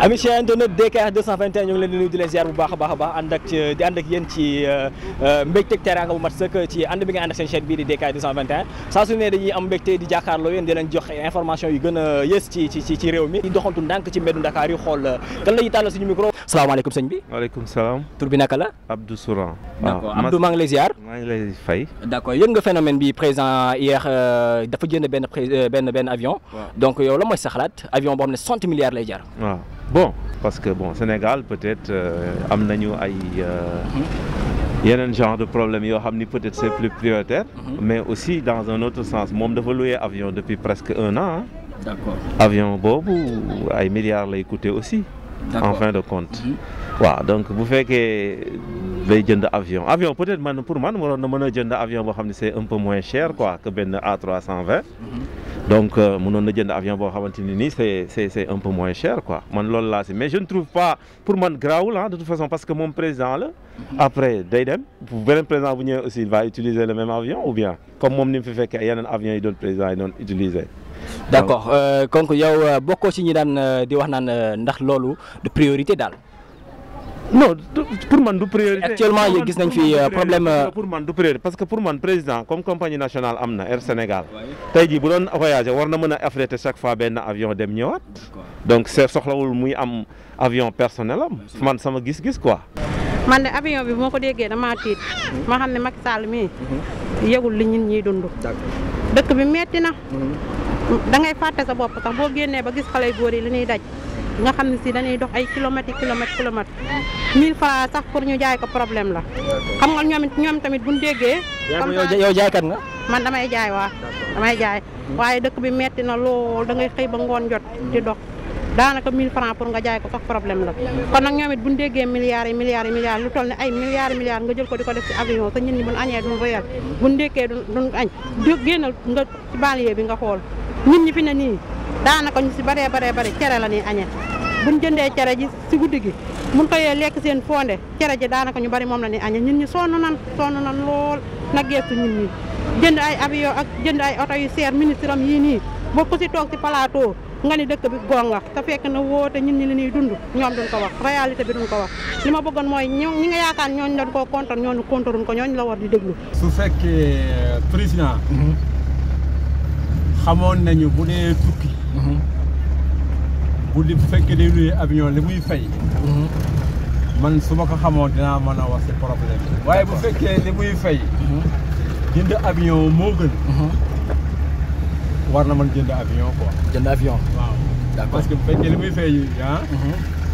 ami cher internet DKR 221 ñu ngi leen di nuyu di leen ziar bu baax a baax a baax ànd ak di ànd ak yéen ci euh, euh, mbégteeg teraanga bu mat sëkk ci ànd bi nga ànd ak seen chaîne bii di DKR 221 saa su ne dañuy am mbégte di yu gën a yées ci ci ci réew mi di doxantu ndànk ci mbeddu Dakar yi xool euh, kan la ñuy tàllal suñu micro salaamaaleykum sëñ bi waaleykum salaam tur bi naka la Abdou Souran ah, lay ziar maa ngi lay fay d'accord yéen nga phénomène bi présent hier dafa jënd benn benn benn avion donc yow la mooy sa xalaat avion boo xam ne 60 lay jar bon parce que bon Sénégal peut-être euh, am nañu ay euh, yeneen genre de problème yoo xam ni peut-être c'est plus prioritaire mhm. mais aussi dans un autre sens moom dafa louer avion depuis presque un an d'accord avion boobu ay milliards lay coûter aussi en fin de compte mhm. waaw donc bu fekkee day jënd avion avion peut-être man pour man waroon na mën a jënd avion boo xam ne c'est un peu moins cher quoi que benn A320 donc euh, mënoon na jënd avion boo xamante ni nii c'est c'est c'est un peu moins cher quoi man loolu laa mais je ne trouve pas pour man grawul ah de toute façon parce que mom président la mm-hmm. après day dem beneen président bu ñëwee aussi il va utiliser le même avion ou bien comme moom ni mu fi fekkee yeneen avions yi doon président yi doon utiliser d'accord kon euh, yow euh, bokkoo si ñi daan di wax naan ndax loolu de priorité daal non pour man du priorité. actuellement yéen gis nañ fi euh, problème. Euh, pour man du priorité parce que pour man président comme compagnie nationale am na Air Sénégal. tey jii bu doon voyager war na mën a affréter chaque fois benn avion dem ñëwaat. donc c'est soxlawul muy am avion personnel am. man sama gis-gis quoi. man de avion bi bu ma ko déggee damaa tiit. ma xam ne Macky Sall mii. yëgul li ñun ñuy dund. dëkk bi metti na. Mhm. da ngay fàtte sa bopp sax boo génnee ba gis xale yu yi li ñuy daj. nga xam ne si dañuy dox ay kilomètres kilomètres kilomètres 1000 francs sax pour ñu jaay ko problème la xam nga ñoom ñoom tamit buñ déggee comme yow jaaykat nga man damay jaay waa damay jaay waaye dëkk bi metti na lool da ngay xëy ba ngoon jot di dox daanaka 1000 francs pour nga jaay ko sax problème la kon nag ñoom it buñ déggee milliards yi milliards yi milliards lu toll ne ay milliards milliards nga jël ko di ko def ci avion sa ñun ñi buñ añee duñ réyal buñ dékkee nga ci bi nga xool ñun ñi fi nii daanaka ñu si baree baree bare cere la ñuy añee buñ jëndee cere ji si guddi gi mun xëyee lekk seen fonde cere ji daanaka ñu bari moom la ñuy añee ñun ñi sonn nan sonn nan lool na geestu ñun ñi jënd ay avion ak jënd ay oto yu seer ministre am yii nii ba ku si toog si plateau nga ni dëkk bi gonga te fekk na woote ñun ñi li ñuy dund ñoom duñ ko wax réalité bi duñ ko wax li ma bëggoon mooy ñi nga yaakaar ñooñu doon koo kontor ñooñu kontoruñ ko ñooñu la war déglu su fekkee président mhm. xamoon nañu Mhm. bu di fekkee day luy avion li muy fay. Mhm. man su ma ko xamoon dinaa mën a wax si problème waaye bu fekkee li muy fay. Mhm. jënd avion moo gën. war na man jënd avion quoi. jënd avion. waaw parce bu fekkee li muy fay ah.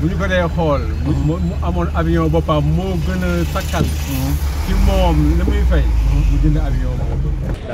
bu ñu ko dee xool. mu amoon avion boppam moo gën a sakkan. ci moom la muy fay. mu jënd avion boobu.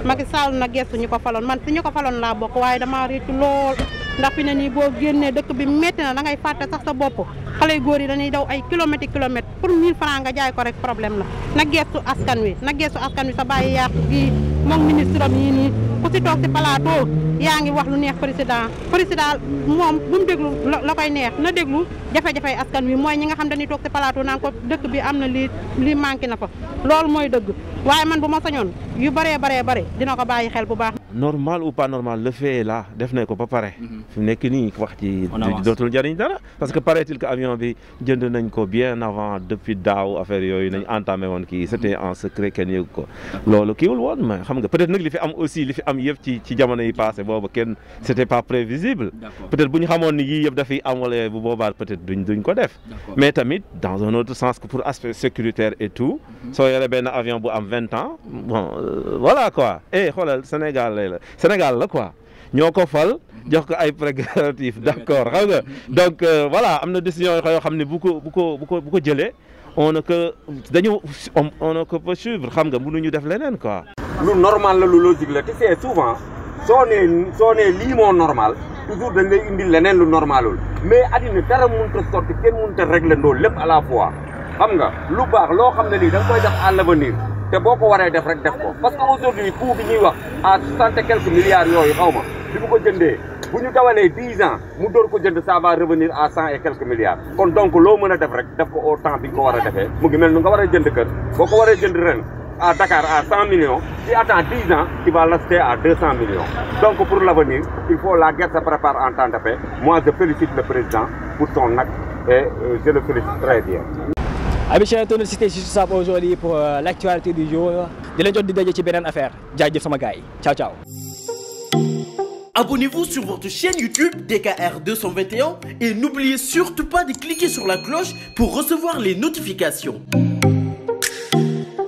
Macky Sall nag ñu ko faloon man si ñu ko faloon laa bokk waaye dama réccu lool ndax fi ne nii boo génnee dëkk bi métti na dangay ngay sax sa bopp xale yu góor yi dañuy daw ay kilomètres i pour 1000 francs nga jaay ko rek problème la na gestu askan wi na gestu askan wi sa bàyyi yàq gi moom ministre am nii. si toog si plateau yaa ngi wax lu neex président président moom bu mu déglu la koy neex na déglu jafe-jafe askan wi mooy ñi nga xam dañuy toog si plateau naan ko dëkk bi am na lii lii manqué na fa loolu mooy dëgg waaye man bu ma sañoon yu baree baree bari dina ko bàyyi xel bu baax normal ou pas normal le fait est là def nañ ko ba pare. Mhm. fi mu nekk nii wax ci dootul jariñ dara. parce que paraît-il que avion bi jënd nañ ko bien avant depuis daaw affaire yooyu nañ entamé woon kii c'était en secret kenn yëg ko. loolu kiiwul woon mais xam nga peut-être li fi am aussi li fi am yëpp ci ci jamono yi passé boobu kenn c'était pas prévisible. peut-être bu ñu xamoon ni yii yëpp dafiy am wala bu boobaa peut duñ duñ ko def. mais tamit dans un autre sens que pour aspect sécuritaire et tout. Mhm. soo yore benn avion bu am vingt ans bon euh, voilà quoi et eh, sénégalais la Sénégal la ko ñoo ko fal jox ay prérogatives d'accord xam nga donc euh, voilà am na décision yoo xam ne bu ko bu ko bu ko bu ko jëlee on a que dañu on a que peut xam nga mënuñu def leneen quoi. lu normal la lu logique la te c'est souvent soo nee soo nee lii moo normal toujours dañ lay indi leneen lu normalul mais addina dara mënut a sotti kenn mënut a régler ndoo lépp à la fois xam nga lu baax loo xam ne lii da nga koy def à te boo ko waree def rek def ko parce que aujourd'hui coût bi ñuy wax à soixante et quelques milliards yooyu xaw ma bi mu ko jëndee bu ñu dawalee dix ans mu door ko jënd ça va revenir à cent et quelques milliards kon donc loo mën a def rek def ko au temps bi ko war a defee mu ngi nu nga war a jënd kër boo ko waree jënd ren a Dakar à cent millions si attend dix ans tu vas l'acheter à deux cent millions donc pour l'avenir il faut la guerre se prépare en temps de paix moi je félicite le président pour son acte et euh, je le Amis chers internautes, c'était juste ça pour aujourd'hui pour euh, l'actualité du jour di leen jot di daje ci beneen affaire jaajëf sama gars yi ciao ciao. Abonnez-vous sur votre chaîne YouTube DKR et n'oubliez surtout pas de cliquer sur la cloche pour recevoir les notifications.